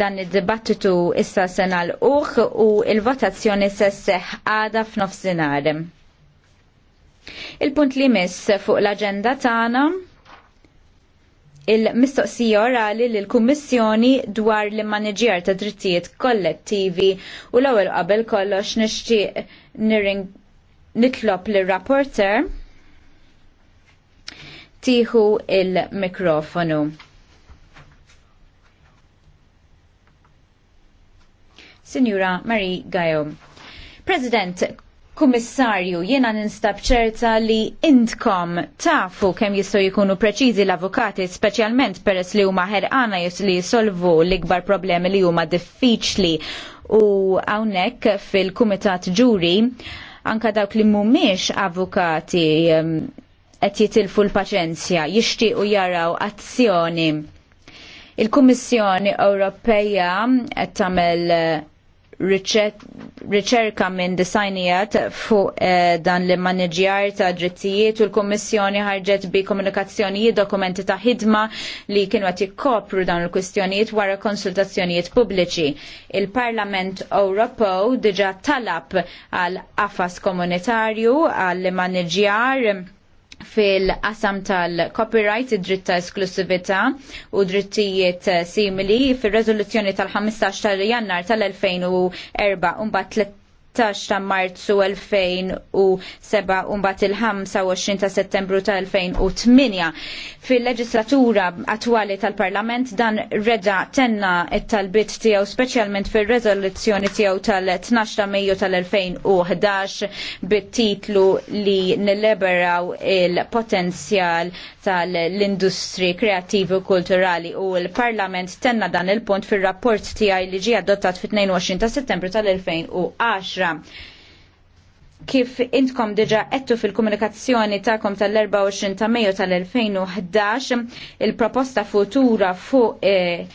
dan id-dibattitu issa sena l-uħ u il-votazzjoni se seħ għada f'nofsinhar. Il-punt li miss fuq l-agenda tagħna il-mistoqsija orali l kummissjoni dwar l maniġjar ta' drittijiet kollettivi u l-ewwel qabel kollox nixtieq nitlob l rapporter tieħu il-mikrofonu. Signora Marie Gajom. President, Kummissarju, jiena ninstab ċerta li intkom tafu kemm jistgħu jkunu preċiżi l-avukati, speċjalment peress li huma ħerqana li jisolvu l-ikbar problemi li huma diffiċli u hawnhekk fil-kumitat ġuri anka dawk li mhumiex avokati qed jitilfu l-paċenzja, jixtiequ jaraw azzjoni. Il-Kummissjoni Ewropeja qed tagħmel riċerka minn disajnijat fuq eh, dan li maneġjar ta' drittijiet u l-Kommissjoni ħarġet bi komunikazzjonijiet dokumenti ta' ħidma li kienu għati kopru dan l-kwistjonijiet wara konsultazzjonijiet pubbliċi. Il-Parlament Ewropew diġa talab għal qafas komunitarju għal maneġjar fil-qasam tal-copyright, id-dritt ta' esklusivita u drittijiet simili fil-rezoluzzjoni tal-15 tal-jannar tal-2004 un-bat 13 ta' Marzu 2007 u mbagħad il-25 ta' Settembru ta' 2008. Fil-leġislatura attwali tal-Parlament dan reda tenna it-talbit tiegħu speċjalment fir-reżoluzzjoni tiegħu tal-12 ta' Mejju tal-2011 bit-titlu li nilleberaw il-potenzjal tal-industri kreativi u kulturali u l-Parlament tenna dan il-punt fir-rapport tiegħi li ġie adottat fit-22 ta' Settembru tal-2010 ħaġa kif intkom diġa għettu fil-komunikazzjoni ta'kom tal-24 ta' Mejju tal-2011 il-proposta futura fuq eh,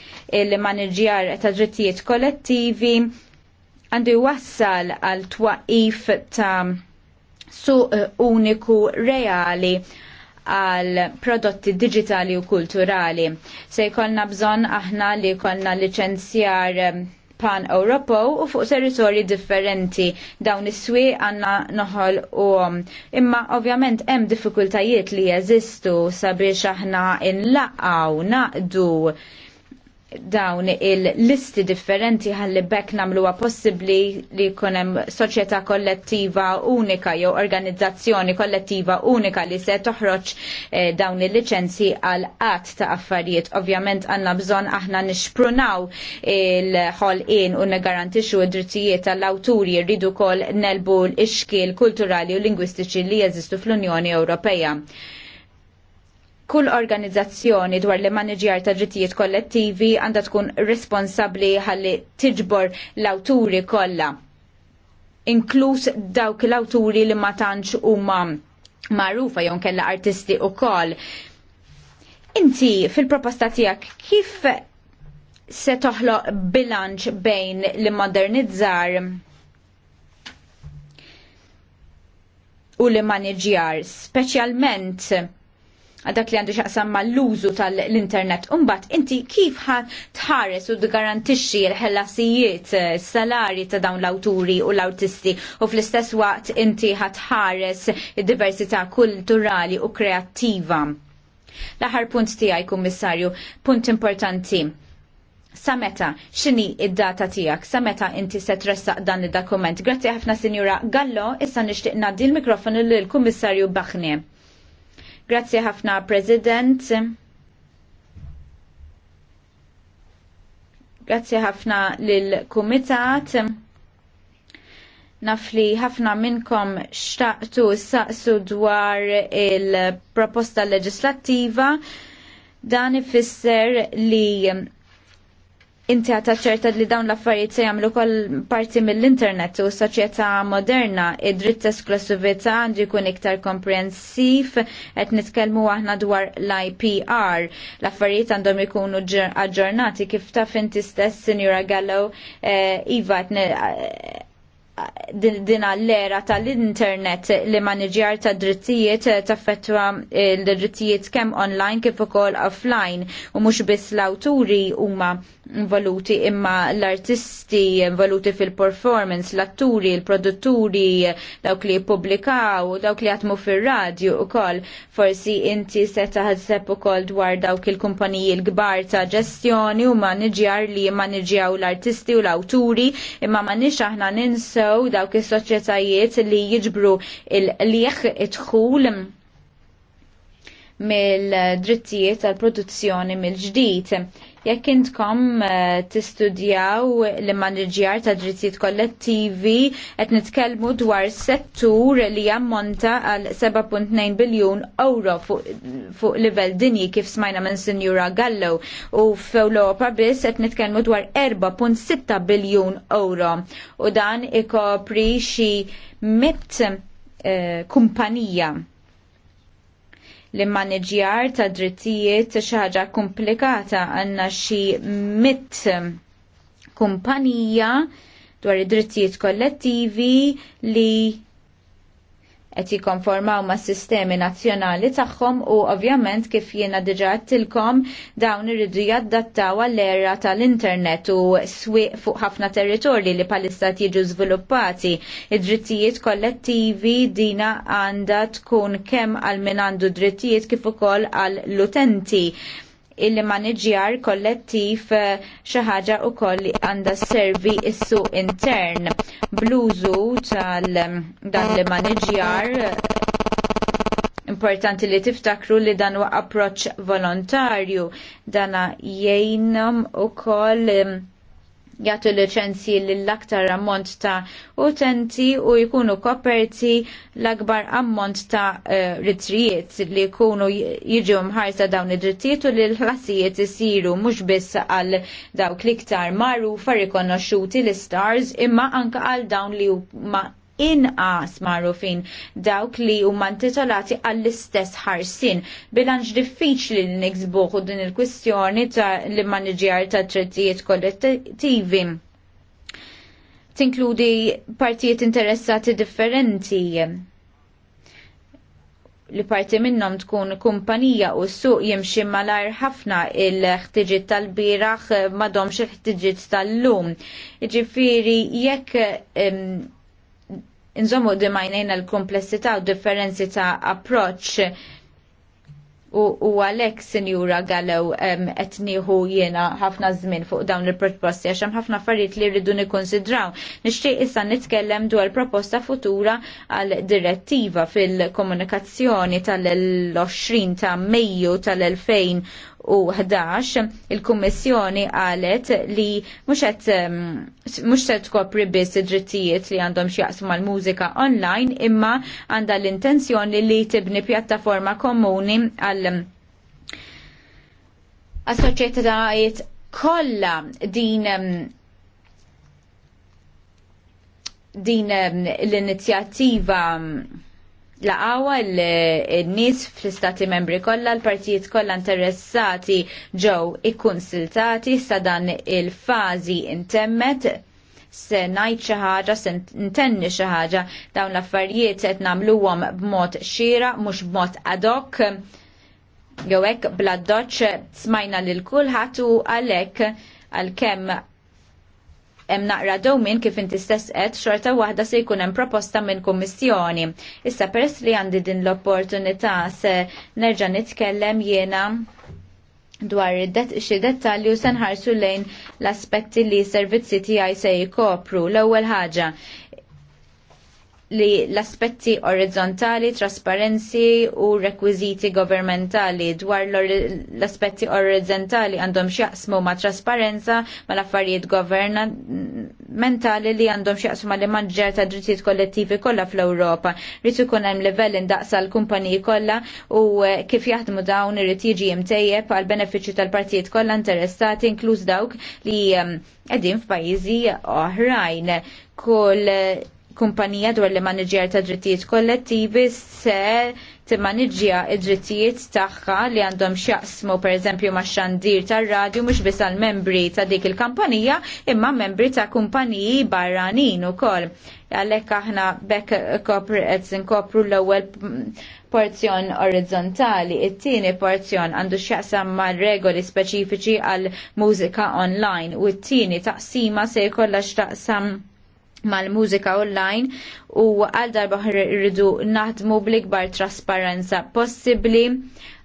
il-manager ta' drittijiet kollettivi għandu jwassal għal twaqif ta' suq uniku reali għal prodotti digitali u kulturali. Se jkollna bżon aħna li jkollna licenzjar eh, pan-Ewropew u fuq territorji differenti. Dawn is-swi għandna noħol u imma ovvjament hemm diffikultajiet li jeżistu sabiex aħna inlaqgħu naqdu dawn il-listi differenti ħalli bekk namluwa possibli li kunem soċjetà kollettiva unika jew organizzazzjoni kollettiva unika li se toħroġ eh, dawn il-licenzi għal qatt ta' affarijiet. Ovvjament għanna bżon aħna nixprunaw il-ħolqien u negarantixu id-drittijiet tal-awturi rridu kol nelbu l-ixkil kulturali u lingwistiċi li jeżistu fl-Unjoni Ewropeja kull organizzazzjoni dwar li maniġjar ta' drittijiet kollettivi għandha tkun responsabbli ħalli tiġbor l-awturi kollha inkluż dawk l-awturi li ma tantx huma magħrufa jew kella artisti wkoll. Inti fil-proposta tiegħek kif se toħloq bilanċ bejn li modernizzar u li maniġjar, speċjalment għadak li għandu xaqsam ma l-użu tal-internet. Umbat, inti kif tħares u d-garantixi l-ħellasijiet, eh, salari ta' dawn l-awturi u l-autisti u fl-istess waqt inti tħares id-diversità kulturali u kreattiva. L-aħar punt tijaj, kummissarju, punt importanti. Sa meta, xini id-data tijak? Sa meta inti se tressaq dan id-dokument? Grazzi ħafna, Sinjura Gallo, issa nishtiqna naddi l-mikrofonu l-Kummissarju Baħne. Grazzi ħafna, President. Grazzi ħafna lill-Kumitat. Naf li ħafna minnkom xtaqtu saqsu dwar il-proposta leġislattiva dan ifisser li inti għata ċerta li dawn l-affarijiet se jagħmlu kol parti mill-internet u soċjetà moderna id-dritt esklusivita għandu jkun iktar komprensiv qed nitkellmu aħna dwar l-IPR. L-affarijiet għandhom ikunu aġġornati kif taf inti stess Sinjura Gallo eh, iva eh, din l-era tal-internet li maniġjar ta' drittijiet eh, taffetwa l-drittijiet kemm online kif ukoll offline u mhux biss l-awturi huma valuti imma l-artisti involuti fil-performance, l-atturi, l-produtturi, dawk li publikaw, dawk li għatmu fil-radju u kol. Forsi inti seta ħadseb u kol dwar dawk il-kumpaniji l-gbar ta' ġestjoni u maniġjar li maniġjaw l-artisti u l-awturi imma manix aħna ninsew dawk is-soċjetajiet li jiġbru il-lieħ idħul mill-drittijiet tal-produzzjoni mill-ġdid Jekk intkom eh, tistudjaw l-maniġjar ta' drittijiet kollettivi qed nitkellmu dwar settur li jammonta għal 7.9 biljun euro fuq livell dinji kif smajna minn Sinjura Gallo u f'Ewropa biss qed nitkellmu dwar 4.6 biljun euro u dan ikopri xi mit eh, kumpanija l maneġjar ta' drittijiet xi ħaġa komplikata għandna xi mit kumpanija dwar id-drittijiet kollettivi li qed jikkonformaw ma' sistemi nazzjonali tagħhom u ovvjament kif jiena diġà għattilkom dawn irridu jaddattaw għall-era tal-internet u swieq fuq ħafna territorji li pal-istat jiġu żviluppati. Id-drittijiet kollettivi dina għandha tkun kemm għal min għandu drittijiet kif ukoll għall-utenti il-maniġjar kollettiv eh, xi ħaġa wkoll għandha servi s-suq intern. Bluzu tal eh, dan il-maniġjar eh, importanti li tiftakru li dan huwa approċċ volontarju dana jgħinhom ukoll jgħatu liċenzji lill-aktar ammont ta' utenti u jkunu koperti l-akbar ammont ta' uh, ritrijiet li jkunu jiġu mħarsa dawn id-drittijiet u li l-ħlasijiet isiru mhux biss għal dawk l-iktar magħrufa rikonoxxuti l-stars imma anke għal dawn li huma inqas magħrufin dawk li huma intitolati għall-istess ħarsin. Bilanċ diffiċli li niksbuħu din il-kwistjoni ta' l-maniġjar ta' trittijiet kollettivi tinkludi partijiet interessati differenti li parti minnom tkun kumpanija u s-suq jimxi malajr ħafna il-ħtiġit tal-biraħ madomx il-ħtiġit tal-lum. Ġifiri, jekk inżommu majnejna l-komplessità u differenzi ta' approċ u, u għalek senjura għalew etniħu jena ħafna żmien fuq dawn il-proposti għax hemm ħafna affarijiet li rridu nikkonsidraw. Nixtieq issa nitkellem dwar proposta futura għal direttiva fil-komunikazzjoni tal-20 ta' Mejju tal-2000 U 11 il-Kummissjoni qalet li mhux qed kopri ehm, se tkopri biss id-drittijiet li għandhom x'jaqsmu mal-mużika online imma għandha l-intenzjoni li tibni pjattaforma komuni għal ehm, assoċjetajiet kollha din ehm, din l-inizjattiva laqawa l-nis eh, fl-istati membri kollha l-partijiet kollha interessati ġew ikkunsiltati sa dan il-fażi intemmet se ngħid xi ħaġa, se ntenni xi ħaġa dawn l-affarijiet qed nagħmluhom b'mod xira mhux b'mod ad hoc jew hekk bla doċ smajna lil kulħadd u għalhekk għalkemm hemm naqra dowmin kif inti stess qed xorta waħda se jkun hemm proposta minn kummissjoni. Issa peress li għandi din l-opportunità se nerġa' nitkellem jiena dwar xi dettalji u se nħarsu lejn l-aspetti li s-servizzi tiegħi se jkopru. L-ewwel ħaġa, li l-aspetti orizzontali, trasparenzi u rekwiziti governmentali dwar l-aspetti orizzontali għandhom xjaqsmu ma' trasparenza ma' l-affarijiet governmentali li għandhom xjaqsmu ma' li maġġer ta' drittijiet kollettivi kollha fl-Ewropa. Rrid ikun hemm livell indaqsa l-kumpaniji kollha u eh, kif jaħdmu dawn irid jiġi imtejjeb għal benefiċċju tal-partijiet kollha interessati inkluż dawk li ehm, qegħdin f'pajjiżi oħrajn. Kull kumpanija dwar li maniġjar ta' drittijiet kollettivi se timmaniġġja id-drittijiet tagħha li għandhom x'jaqsmu pereżempju ma' xandir tar-radju mhux biss għal membri ta' dik il-kampanija imma membri ta' kumpaniji barranin ukoll. Għalhekk aħna bekk qed inkopru l-ewwel porzjon orizzontali, it-tieni porzjon għandu x'jaqsam mal regoli speċifiċi għal mużika online u t-tieni taqsima se jkollha x'taqsam mal-mużika online u għal darba rridu naħdmu bl-ikbar trasparenza possibbli.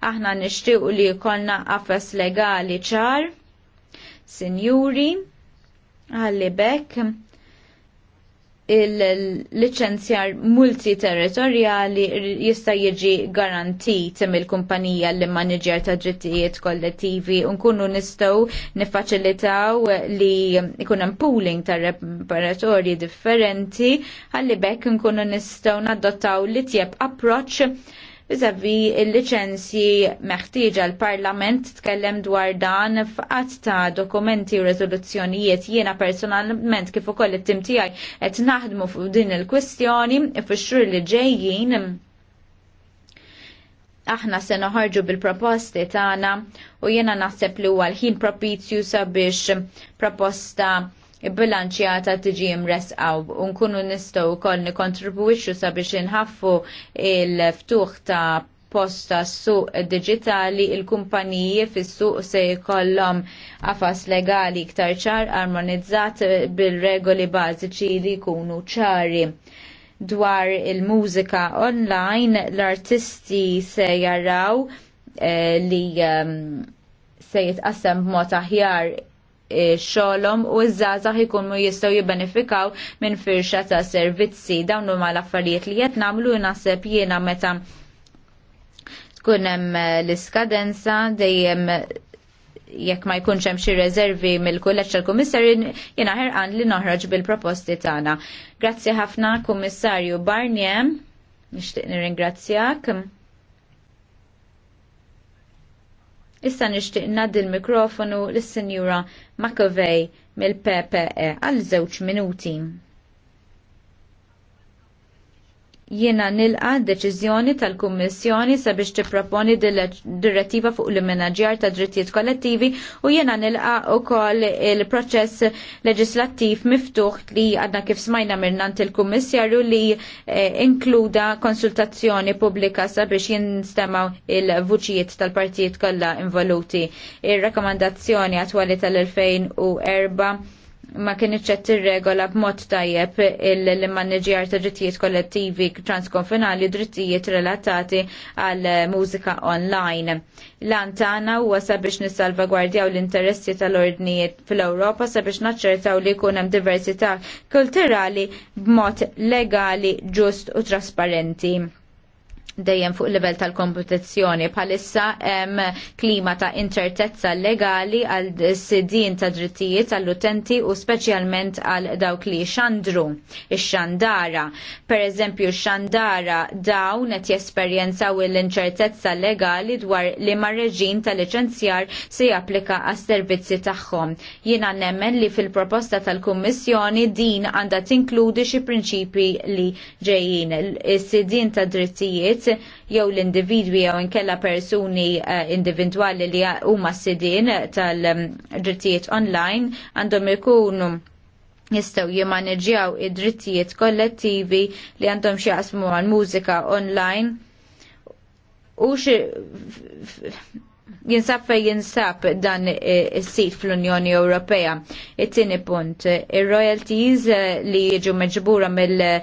Aħna nixtiequ li jkollna qafas legali ċar, sinjuri, għalli bekk il-licenzjar multiterritorjali jista' jiġi garantit mill-kumpanija li maniġer ta' drittijiet kollettivi u nkunu nistgħu niffaċilitaw li jkun hemm pooling ta' reparatorji differenti ħalli bekk nkunu nistgħu nadottaw li tjeb approċċ Vizavi il-licenzji meħtieġa l-Parlament tkellem dwar dan f'qatt ta' dokumenti u rezoluzzjonijiet jiena personalment kif ukoll it-tim tiegħi qed naħdmu fuq din il-kwistjoni fix-xhur li ġejjin aħna se noħarġu bil-proposti tagħna u jiena naħseb li huwa l-ħin propizju sabiex proposta bilanċjata tiġi mresqaw u nkunu nistgħu wkoll nikontribwixxu sabiex inħaffu il-ftuħ ta' posta suq digitali il-kumpaniji fis-suq se jkollhom afas legali iktar ċar armonizzat bil-regoli bażiċi li jkunu ċari dwar il-mużika online l-artisti se jaraw eh, li um, se jitqassem b'mod aħjar xolom u iż-żazax mu jistgħu jibbenefikaw minn firxa ta' servizzi. Dawn huma l-affarijiet li qed nagħmlu naħseb jiena meta tkun hemm eh, l-iskadenza dejjem jekk ma jkunx hemm xi reservi mill-kulleġġ tal-Kummissarju jiena ħerqan li noħroġ bil-proposti tagħna. Grazzi ħafna Kummissarju Barnier, nixtieq nirringrazzjak. Issa nixtieq ngħaddi l-mikrofonu lis-Sinjura McAvey mill-PPE għal żewġ minuti jiena nilqa deċiżjoni tal-Kummissjoni sabiex tipproponi direttiva fuq l-menaġjar ta' drittijiet kollettivi u jiena nilqa ukoll il-proċess leġislattiv miftuħ li għadna kif smajna mirnant il-Kummissjarju li eh, inkluda konsultazzjoni pubblika sabiex jinstemaw il-vuċijiet tal-partijiet kollha involuti. Ir-rakkomandazzjoni attwali tal-2004 ma kien iċċett regola b'mod tajjeb il-maniġjar ta' drittijiet kollettivi transkonfinali drittijiet relatati għal mużika online. L-antana huwa sabiex nissalvagwardjaw l-interessi tal-ordnijiet fil-Ewropa sabiex naċċertaw li jkun hemm diversità kulturali b'mod legali, ġust u trasparenti dejjem fuq livell tal-kompetizzjoni bħalissa hemm klima ta' inċertezza legali għal sidin ta' drittijiet għall-utenti u speċjalment għal dawk li xandru ix-xandara. Per eżempju, xandara dawn qed jesperjenzaw l-inċertezza legali dwar li ma' reġim ta' liċenzjar se japplika għas servizzi tagħhom. Jiena nemmen li fil-proposta tal-Kummissjoni din għandha tinkludi xi prinċipi li ġejjin. Is-sidin ta' drittijiet dritt jew l-individwi jew inkella persuni eh, individwali li huma sidin tal-drittijiet online għandhom ikunu jistaw jimaneġjaw id-drittijiet kollettivi li għandhom xjaqsmu għal mużika online u jinsab fej jinsab dan is-sit fl-Unjoni Ewropea. It-tieni punt, ir-royalties li jiġu meġbura mill-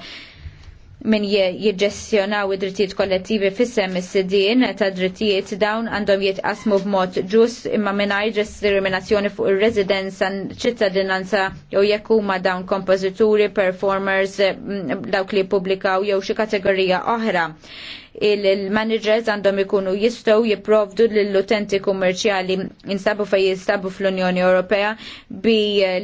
min jiġġestjonaw id-drittijiet kollettivi fissem is-sidien ta' drittijiet dawn għandhom jitqasmu b'mod ġus imma mingħajr diskriminazzjoni fuq ir-residenza ċittadinanza jew jekk huma dawn kompożituri, performers, dawk li jippubblikaw jew xi kategorija oħra il-managers għandhom ikunu jistgħu jipprovdu lill-utenti kummerċjali jinsabu fej jinsabu fl-Unjoni Ewropea bi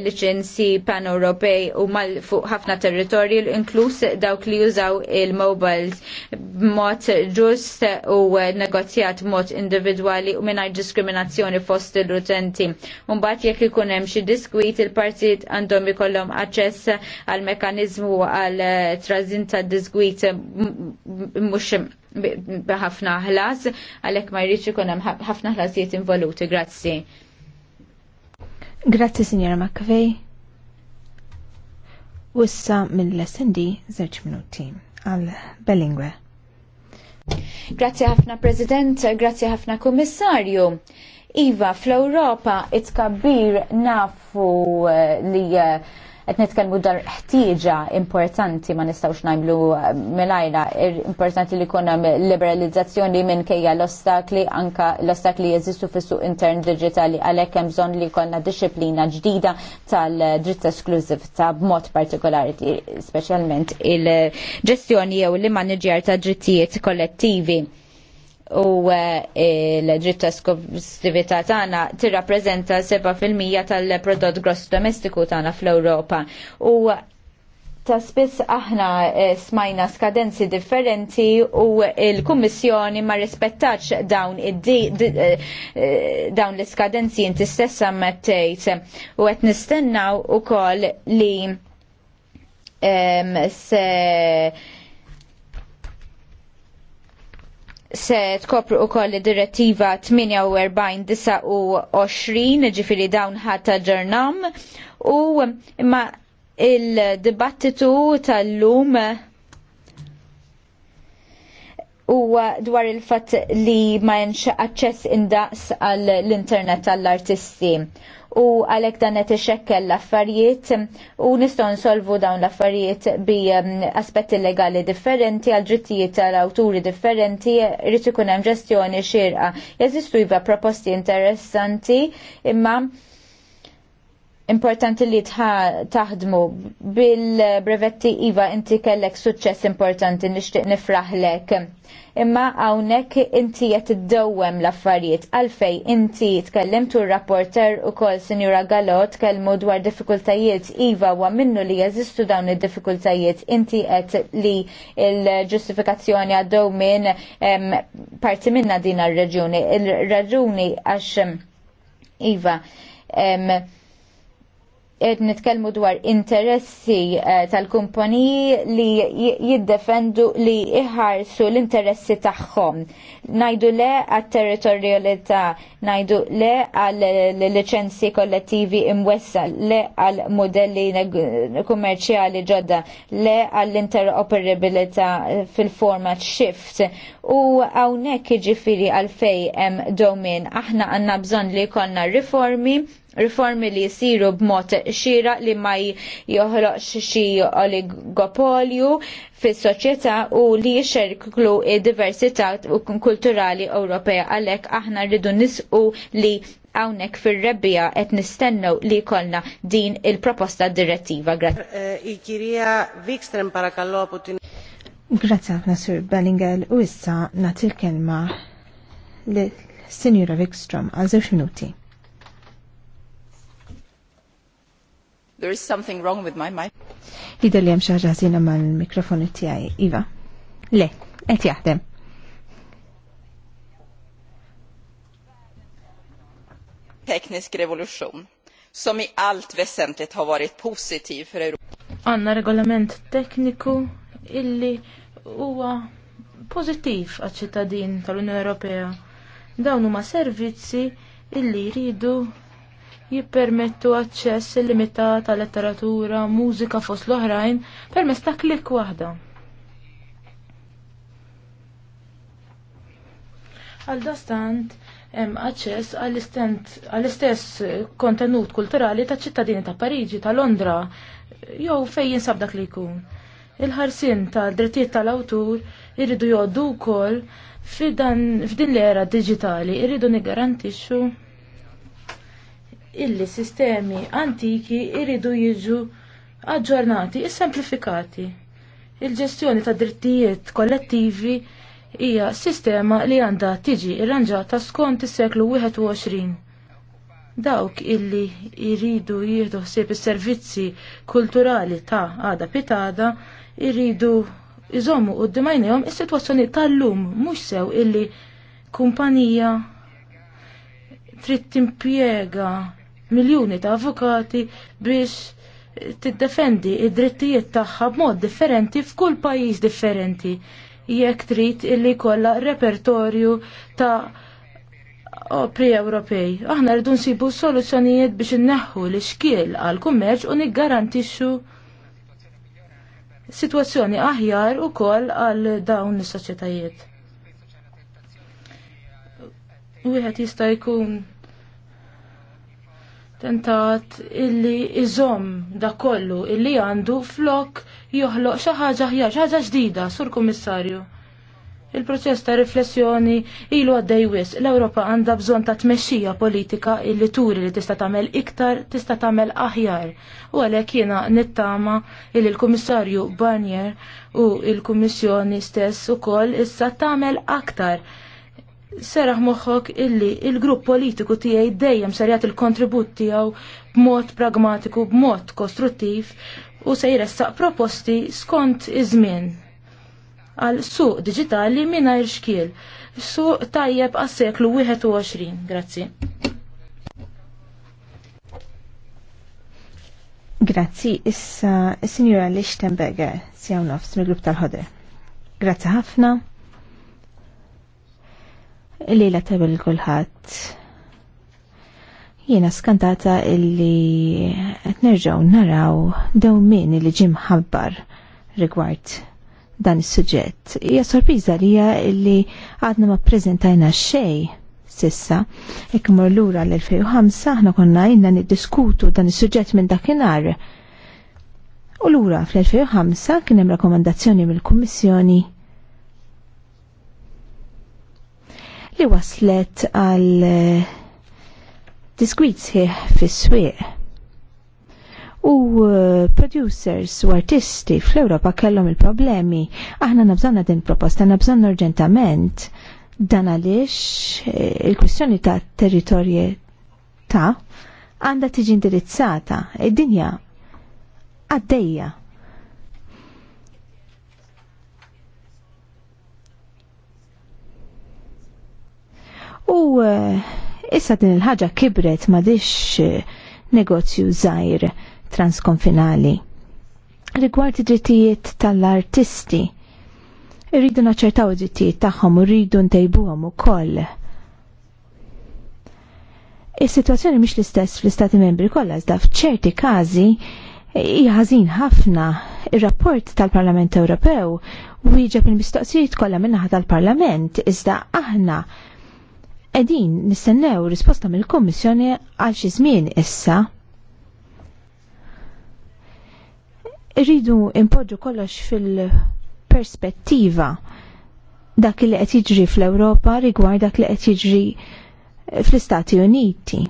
liċenzi pan-Ewropej u mal fuq ħafna territorju inkluż dawk li jużaw il-mobiles b'mod ġust u negozjat mod individwali u mingħajr diskriminazzjoni fost l-utenti. Mbagħad jekk ikun hemm xi diskwit il-partit għandhom ikollhom aċċess għal mekanizmu għal trażin ta' diskwit mhux ħafna ħlas, għalhekk ma jridx ikun hemm ħafna ħlasijiet involuti. Grazzi. Grazzi, Sinjora McAvey. Wissa mill di żewġ minuti għal Bellingwe. Grazzi ħafna President, grazzi ħafna Kummissarju. Iva, fl-Europa it-kabbir nafu eh, li eh, qed nitkellmu dar ħtieġa importanti ma nistgħux nagħmlu eh, milajra importanti li jkun hemm liberalizzazzjoni minkejja l-ostakli anka l-ostakli jeżistu fis-suq intern diġitali għalhekk hemm bżonn li jkollna dixxilpina ġdida tal-dritt eskluziv ta' b'mod partikolari speċjalment il-ġestjoni jew l-immaniġjar ta' drittijiet kollettivi u eh, l-dritt ta' tana tagħna tirrappreżenta 7% tal-prodott gross domestiku tagħna fl-Ewropa. U ta' spiss aħna eh, smajna skadenzi differenti u il-Kummissjoni ma rispettax dawn eh, dawn l-skadenzi inti stessa mettejt u qed nistennaw ukoll li se se tkopru wkoll id direttiva 48-29 ġifiri dawn ħata ġernam u imma il-dibattitu tal-lum u dwar il-fat li ma jenx aċċess indaqs għall-internet għall-artisti u għalek dan qed ixekkel l-affarijiet u nistgħu nsolvu dawn l-affarijiet bi um, aspetti legali differenti għal drittijiet tal-awturi differenti rritu ikun hemm ġestjoni xirqa. Jeżistu iva proposti interessanti imma importanti li taħdmu bil-brevetti Iva inti kellek suċċess importanti nixtieq nifraħlek. Imma hawnhekk inti qed iddewwem l-affarijiet għalfej inti tkellimt u rapporter ukoll Sinjura Gallo tkellmu dwar diffikultajiet Iva wa minnu li jeżistu dawn id-diffikultajiet inti qed li l-ġustifikazzjoni għaddew minn parti minna din ar-reġuni. Il-raġuni għax Iva qed nitkellmu dwar interessi eh, tal-kumpaniji li jiddefendu li iħarsu l-interessi tagħhom. Najdu le għat-territorjalità, najdu le għal liċenzji kollettivi imwessa, le għal modelli kummerċjali ġodda, le għall interoperabilità fil-format shift. U hawnhekk jiġifieri għalfejn hemm domin aħna għandna bżonn li jkollna riformi riformi li jisiru b'mod xira li ma joħloqx xi oligopolju fis-soċjetà u li jxerklu id-diversità kulturali Ewropea għalhekk aħna rridu nisqu li hawnhekk fir-rebbija qed nistennew li jkollna din il-proposta direttiva. Grazie. Eh, Grazie ħafna Sur Bellingel u issa nagħti l-kelma li Sinjura Wikstrom għal żewġ minuti. There is something wrong with my mic. Ida li jemxa ġazina ma l-mikrofonu tijaj, Iva. Le, et jahdem. Teknisk revolution, som i allt väsentligt har varit positiv för Europa. Anna regolament tekniku illi huwa pozittiv għal ċittadin tal-Unjoni Ewropea. Dawn huma servizzi illi jridu jippermettu aċċess illimitat ta' letteratura, mużika fost l-oħrajn permezz ta' klik waħda. Għal dastant, hemm aċċess għall-istess kontenut kulturali ta' ċittadini ta' Pariġi, ta' Londra, jew fejn jinsab dak li jkun. Il-ħarsin ta' drittijiet tal-awtur irridu jgħoddu wkoll f'din l-era digitali, irridu niggarantixxu illi sistemi antiki jridu jiġu aġġornati, is-semplifikati. Il-ġestjoni ta' drittijiet kollettivi hija sistema li għandha tiġi irranġata skont is-seklu 21. Dawk illi jridu jieħdu ħsieb is-servizzi kulturali ta' għada pitada jridu iżommu u d is-situazzjoni tal-lum mhux sew illi kumpanija trid timpjega miljuni ta' avukati biex tiddefendi id-drittijiet tagħha b'mod differenti f'kull pajjiż differenti jekk trid illi kollha repertorju ta' opri Ewropej. Aħna rridu nsibu soluzzjonijiet biex inneħħu l-xkiel għal kummerċ u niggarantixxu sitwazzjoni aħjar koll għal dawn is-soċjetajiet. Wieħed jista' jkun tentat illi iżomm da kollu illi għandu flok joħloq xi ħaġa ħjar, xi ħaġa ġdida, sur kummissarju. Il-proċess ta' riflessjoni ilu għaddej wis l-Ewropa għandha bżonn ta' tmexxija politika illi turi li tista' tagħmel iktar, tista' tagħmel aħjar. U għalhekk jiena nittama illi l-Kummissarju Barnier u l-Kummissjoni stess ukoll issa tagħmel aktar seraħ moħħok illi il-grupp politiku tiegħi dejjem ser jagħti il-kontribut tiegħu b'mod pragmatiku, b'mod kostruttiv u se jressaq proposti skont iż-żmien għal suq digitali mingħajr xkiel. Suq tajjeb għas-seklu 21. Grazzi. Grazzi, issa, signora Lichtenberger, si għaw nofs mill-grupp tal-ħoder. Grazzi ħafna lejla tabel kulħadd. Jiena skantata illi qed nerġgħu naraw dawmin li ġim ħabbar rigward dan is-suġġett. Hija sorpriża li hija illi għadna ma ppreżentajna xejn sissa. Ek mor lura l-2005 aħna konna inna niddiskutu dan is-suġġett minn dakinhar. U lura fl-2005 kien hemm rakkomandazzjoni mill-Kummissjoni li waslet għal eh, diskwit sħiħ fis-swieq. U eh, producers u artisti fl-Europa kellhom il-problemi. Aħna nabżonna din proposta, nabżonna urġentament dan għaliex eh, il-kwistjoni ta' territorje ta' għanda tiġi indirizzata id-dinja għaddejja U eh, issa din il-ħaġa kibret dix eh, negozju żgħir transkonfinali. Rigward id-drittijiet tal-artisti, irridu naċċertaw id-drittijiet tagħhom u rridu ntejbuhom ukoll. Is-sitwazzjoni mhix l-istess fl-Istati Membri kollha iżda f'ċerti każi eh, hija ħażin ħafna. Ir-rapport tal-Parlament Ewropew wieġeb il-mistoqsijiet kollha min-naħa tal-Parlament iżda aħna Edin nistennew risposta mill-Kommissjoni għal xi żmien issa. Irridu impoġġu kollox fil-perspettiva dak li qed jiġri fl-Ewropa rigward dak li qed jiġri fl-Istati Uniti.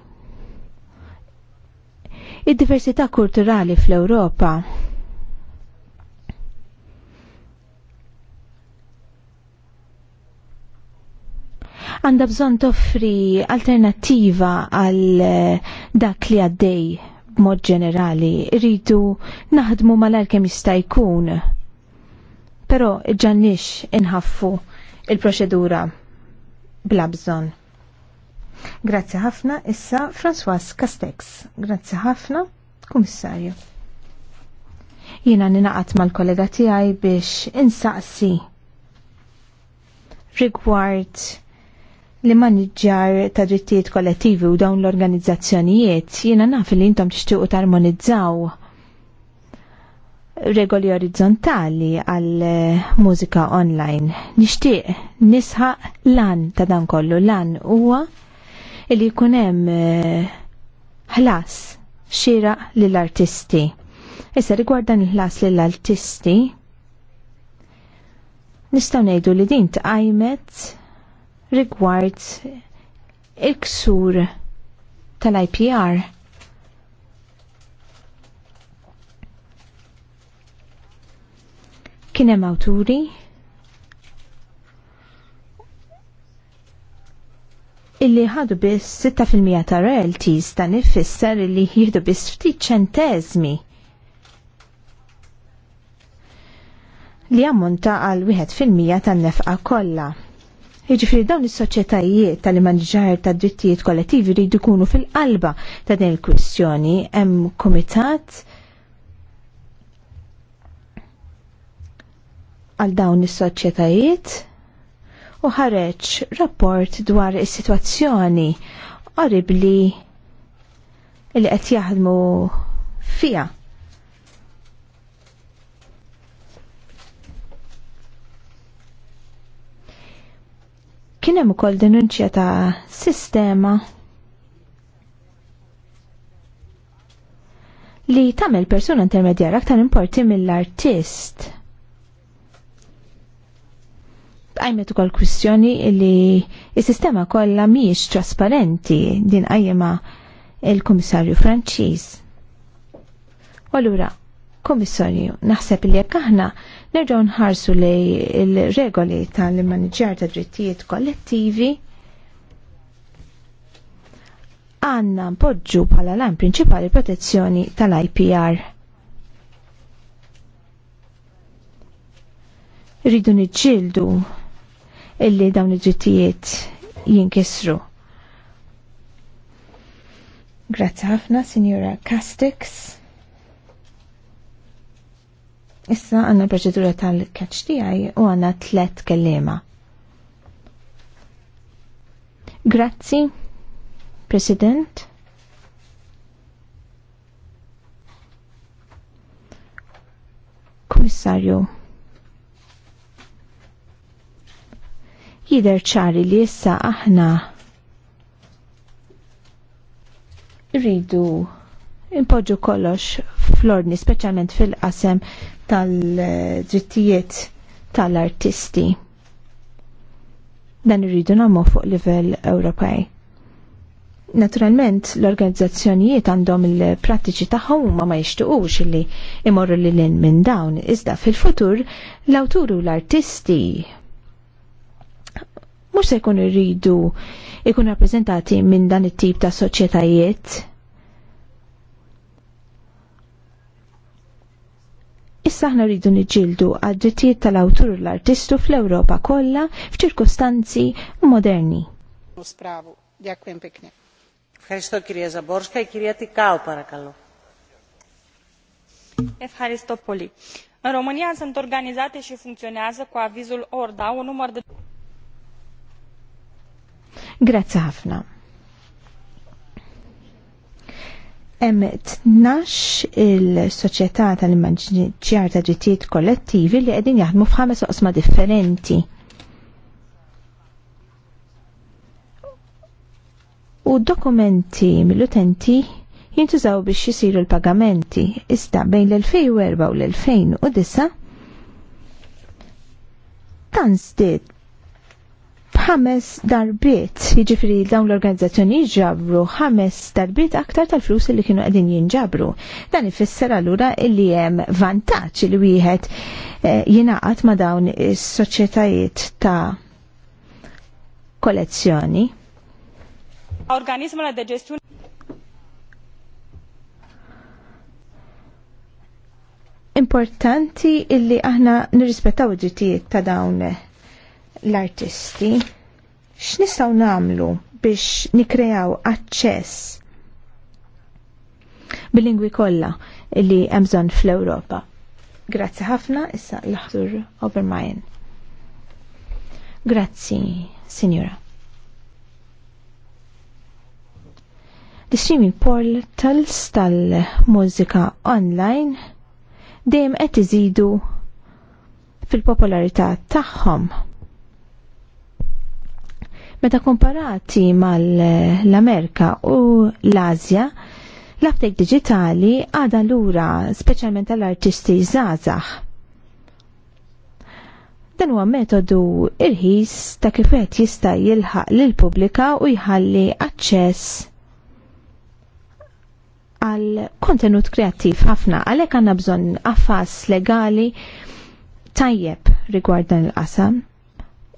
Id-diversità kulturali fl-Ewropa għandha bżonn toffri alternattiva għal eh, dak li għaddej b'mod ġenerali. Rridu naħdmu mal-għal kemm jista' jkun. Però ġannix inħaffu il-proċedura bla bżonn. Grazzi ħafna issa François Castex. Grazzi ħafna, Kummissarju. Jiena ninaqat mal-kollega tiegħi biex insaqsi rigward li maniġġar ta' drittijiet kollettivi u dawn l-organizzazzjonijiet jiena naf li intom tixtiequ tarmonizzaw regoli orizzontali għal eh, mużika online. Nixtieq nisħaq lan ta' dan kollu lan huwa li jkun hemm eh, ħlas xira lill-artisti. Issa rigwardan il-ħlas lill-artisti nistgħu ngħidu li din tqajmet rigward il-ksur tal-IPR. Kien hemm awturi illi ħadu biss 6% ta' royalties dan ifisser illi jieħdu biss ftit ċentezmi li ammonta għal 1% tan-nefqa kollha. Jiġifieri dawn is-soċjetajiet tal manġar ta' drittijiet kollettivi jridu jkunu fil-qalba ta' din il-kwistjoni hemm kumitat għal dawn is-soċjetajiet u ħareġ rapport dwar is-sitwazzjoni orribli li qed jaħdmu fija. Kien hemm ukoll denunċja ta' sistema li tagħmel persuna intermedjar aktar importi mill-artist. Għajmet ukoll kwistjoni li s-sistema kollha mhijiex trasparenti din għajma il-Kummissarju Franċiż. Allura, Kummissarju, naħseb li jekk aħna nerġgħu nħarsu lej il-regoli tal-maniġġar ta' drittijiet kollettivi għanna mpoġġu bħala lan prinċipali protezzjoni tal-IPR. Rridu niġġieldu illi dawn id-drittijiet jinkisru. Grazzi ħafna, Signora Castex. Issa għanna proċedura tal-catch tijaj u għanna tlet kellima. Grazzi, President. Komissarju. Jider ċari li issa aħna rridu impoġġu kollox fl-ordni, specialment fil-qasem tal-drittijiet tal-artisti. Dan irridu nagħmlu fuq livell Ewropej. Naturalment, l-organizzazzjonijiet għandhom il-prattiċi tagħhom ma ma jishtuqux li imorru lil in minn dawn, iżda fil-futur l awturu u l-artisti mhux se jkun irridu jkunu rappreżentati minn dan it-tip ta' soċjetajiet Issa aħna rridu niġġieldu għad-drittijiet tal-awtur l-artistu fl-Ewropa kollha f'ċirkostanzi moderni. Spravu, ďakujem pekne. Ευχαριστώ κυρία Ζαμπόρσκα. Η κυρία Τικάου παρακαλώ. Ευχαριστώ πολύ. În România sunt organizate și funcționează cu avizul ORDA un număr de... Grazie, Hafna. Hemm tnax il-soċjetà tal-immaġġjar ta' ġittijiet kollettivi li qegħdin jaħdmu f'ħames oqsma differenti. U dokumenti mill-utenti jintużaw biex jisiru l-pagamenti. Iżda bejn l-2004 u l-2009 tan zdiet ħames darbiet, jiġifieri dawn l-organizzazzjoni jġabru ħames darbiet aktar tal-flus li kienu qegħdin jinġabru. Dan ifisser allura li hemm vantaġġ li wieħed eh, jingħaqad ma' dawn is-soċjetajiet ta' kollezzjoni. importanti illi aħna nirrispettaw id-drittijiet ta' dawn l-artisti. X'nistgħu nagħmlu biex nikreaw aċċess bil-lingwi kollha li hemm bżonn fl-Ewropa. Grazzi ħafna issa l-ħdur Obermajen. Grazzi, Sinjura. L-streaming portals tal-mużika online dejjem qed iżidu fil-popolarità tagħhom Meta komparati mal-Amerika u l-Azja, l-aptek digitali għada lura speċjalment għall-artisti zazax. Dan huwa metodu irħis ta' kifet jista' jilħaq lil pubblika u jħalli aċċess għal kontenut kreattiv ħafna għalhekk għandna bżonn affas legali tajjeb rigward dan il-qasam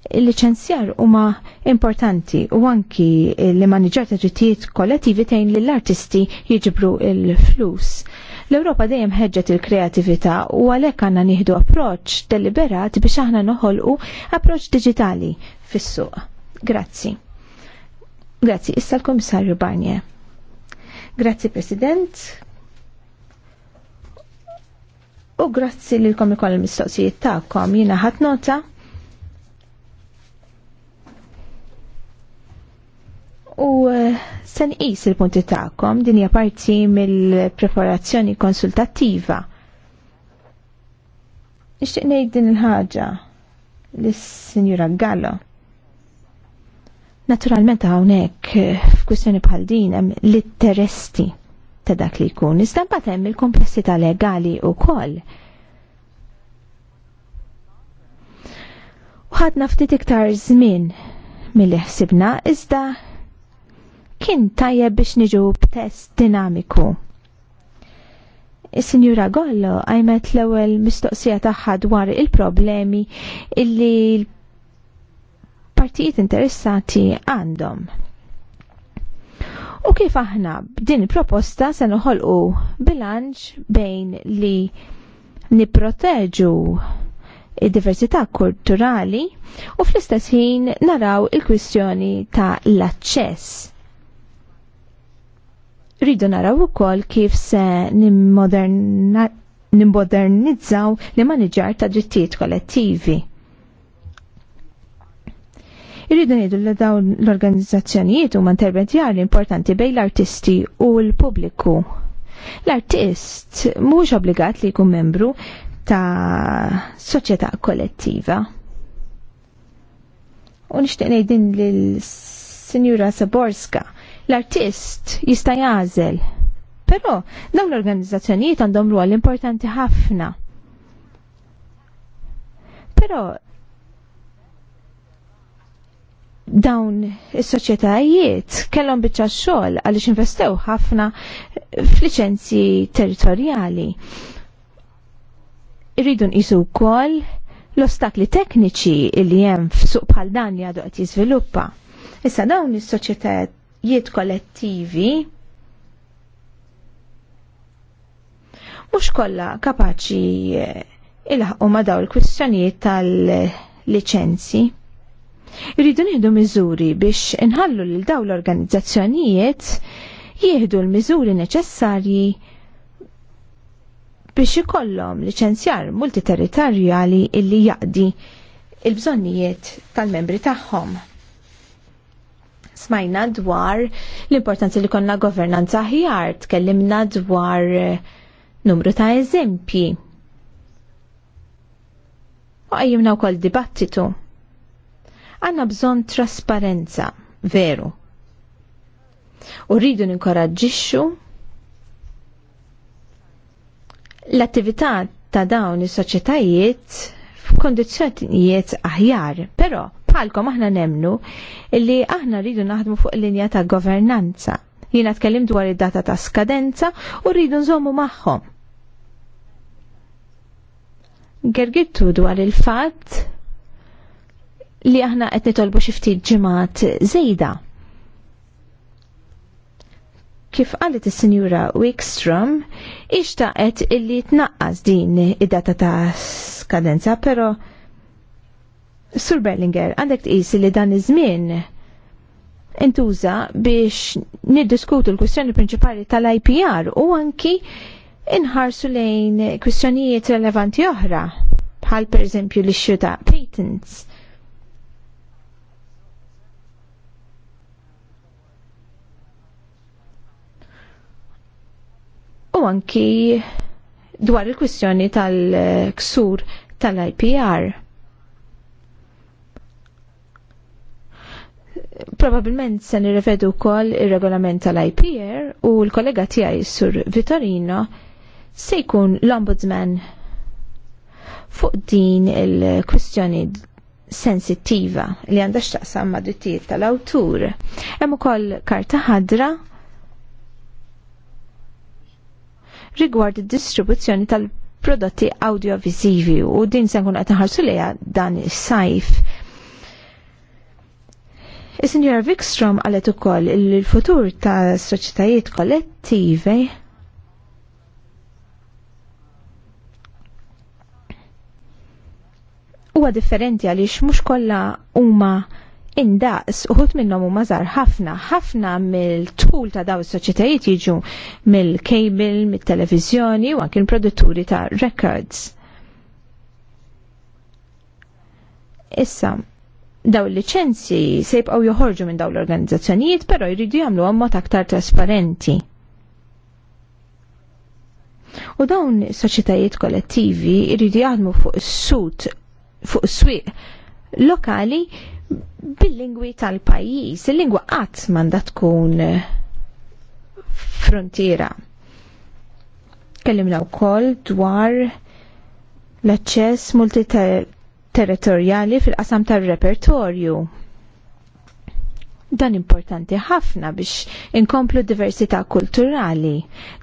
il-licenzjar huma importanti u anki li maniġar ta' ġittijiet kollettivi tejn li l-artisti jiġbru il-flus. L-Ewropa dejjem ħeġġet il kreativita u għalhekk għandna nieħdu approċċ deliberat biex aħna noħolqu approċċ digitali fis-suq. Grazzi. Grazzi, issa l-Komissarju Barnier. Grazzi President. U grazzi l-kom ikoll mistoqsijiet ta'kom. Jina ħat nota U eh, sen is il-punti ta'kom din hija parti mill-preparazzjoni konsultattiva. Ixtieq ngħid din il-ħaġa lis-Sinjura Gallo. Naturalment hawnhekk eh, f'kwistjoni bħal din hemm l-interessi ta' dak li jkun. Iżda mbagħad hemm il-komplessità legali wkoll. U ħadna ftit iktar żmien milli ħsibna iżda kien tajjeb biex niġu b'test dinamiku. Is-Sinjura Gollo għajmet l-ewwel mistoqsija tagħha dwar il-problemi illi l-partijiet interessati għandhom. U kif aħna b'din proposta se noħolqu bilanċ bejn li nipproteġu id-diversità kulturali u fl-istess ħin naraw il-kwistjoni ta' l-aċċess Rridu naraw ukoll kif se nimmodernizzaw li maniġar ta' drittijiet kollettivi. Irridu ngħidu li dawn l-organizzazzjonijiet huma intermedjari importanti bejn l-artisti u l-pubbliku. L-artist mhux obbligat li jkun membru ta' soċjetà kollettiva. U nixtieq ngħidin lil Sinjura Saborska l-artist jista' jagħżel. Però dawn l-organizzazzjonijiet għandhom rwol importanti ħafna. Però dawn is-soċjetajiet kellhom biċċa xogħol għaliex investew ħafna f'liċenzji territorjali. Irridu nqisu wkoll l-ostakli tekniċi li hemm f'suq bħal dan li għadu qed jiżviluppa. Issa dawn is-soċjetajiet jiet kollettivi mhux kollha kapaċi eh, ilħaqu ma madaw il-kwistjonijiet tal licenzi Irridu nieħdu miżuri biex inħallu lil daw l-organizzazzjonijiet jieħdu l-miżuri neċessarji biex ikollhom liċenzjar multiterritorjali illi jaqdi il-bżonnijiet tal-membri tagħhom smajna dwar l-importanza li konna governanza ħjar, tkellimna dwar eh, numru ta' eżempji. U għajjimna u kol dibattitu. Għanna bżon trasparenza, veru. U rridu ninkoraġġixxu l-attività ta' dawn is-soċjetajiet f'kondizzjonijiet aħjar, però bħalkom aħna nemnu li aħna rridu naħdmu fuq linja ta' governanza. Jiena tkellim dwar id-data ta' skadenza u rridu nżommu magħhom. Gergittu dwar il-fatt li aħna qed nitolbu xi ftit ġimgħat żejda. Kif qalet is-Sinjura Wickstrom, ixtaqet illi tnaqqas din id-data ta' skadenza, però Sur Berlinger, għandek tqisi li dan iż-żmien intuża biex niddiskutu l-kwistjoni prinċipali tal-IPR u anki inħarsu lejn kwistjonijiet relevanti oħra, bħal per eżempju l issu ta' patents. U anki dwar il-kwistjoni tal-ksur tal-IPR. Probabilment se nirrevedu wkoll ir-regolament tal-IPR u l-kollega tiegħi sur Vitorino se jkun l-ombudsman fuq din il-kwistjoni sensittiva li għandha x'taqsam ma' drittijiet tal-awtur. Hemm ukoll karta ħadra rigward id-distribuzzjoni tal-prodotti audiovisivi u din se nkun qed nħarsu dan is-sajf. Is-Sinjora Vikstrom għalet ukoll il-futur ta' soċitajiet kollettive. huwa differenti għaliex mhux kollha huma indaqs uħut minnhom huma mażar ħafna, ħafna mill-tħul ta' daw is-soċjetajiet jiġu mill-cable, mit-televiżjoni u anke l-produtturi ta' records. Issa, daw il-licenzi se jibqaw joħorġu minn daw l-organizzazzjonijiet, pero jridu jagħmlu mod aktar trasparenti. U dawn soċjetajiet kollettivi jridu jaħdmu fuq is sut fuq s swieq lokali bil-lingwi tal-pajjiż. Il-lingwa qatt m'għandha tkun frontiera. Kellimna wkoll dwar l-aċċess multiterritorjali territorjali fil-qasam tal-repertorju. Dan importanti ħafna biex inkomplu diversità kulturali.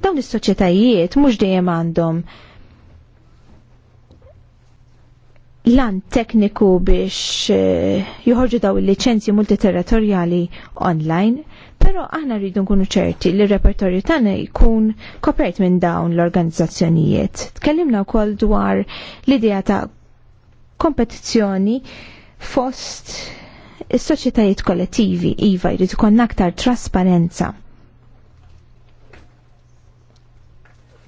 Dawn is-soċjetajiet mhux dejjem għandhom lan tekniku biex eh, joħorġu daw il-licenzji multiterritorjali online, pero aħna rridu nkunu ċerti li repertorju tagħna jkun kopert minn dawn l-organizzazzjonijiet. Tkellimna wkoll dwar l-idea ta' kompetizzjoni fost is-soċjetajiet kollettivi iva jrid ikun aktar trasparenza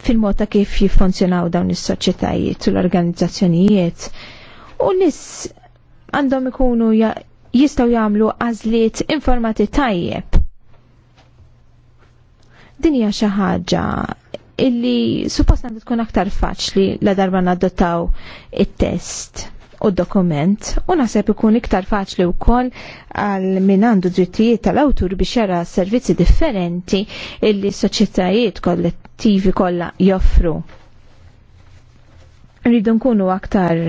fil-mod ta' kif jiffunzjonaw dawn is-soċjetajiet u l-organizzazzjonijiet u nis għandhom ikunu jistgħu jagħmlu għażliet informati tajjeb. Din hija xi ħaġa illi suppost għandu tkun aktar faċli la darba nadottaw it-test u dokument u naħseb ikun iktar faċli wkoll għal min għandu drittijiet tal-awtur biex jara servizzi differenti illi soċjetajiet kollettivi kollha joffru. Rridu nkunu aktar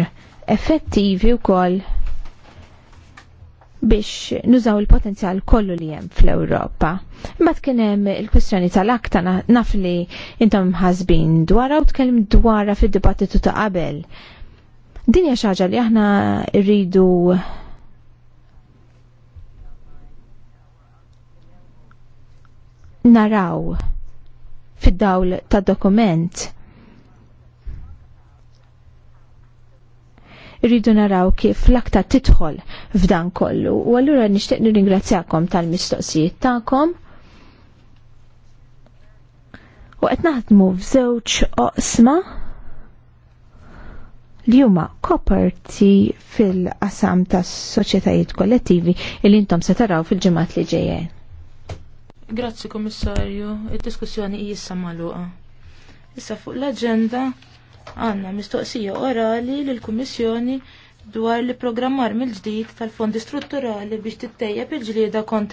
effettivi wkoll biex nużaw il-potenzjal kollu li hemm fl-Ewropa. Imma kien hemm il-kwistjoni tal-akta naf li intom ħasbin dwar u tkellem dwarha fid-dibattitu ta' qabel. Din hija xi ħaġa li aħna rridu naraw fid-dawl ta' dokument. Rridu naraw kif l-aktar titħol f'dan kollu. U allura nixtieq nirringrazzjakom tal-mistoqsijiet tagħkom. U qed naħdmu f'żewġ oqsma li huma koperti fil-qasam tas soċjetajiet kollettivi li intom se taraw fil-ġimgħat li ġejjin. Grazzi Kummissarju, id-diskussjoni hi issa magħluqa. Issa fuq l-aġenda għandna mistoqsija orali lill-Kummissjoni dwar li programmar mill-ġdid tal-fondi strutturali biex tittejjeb il-ġlieda kontra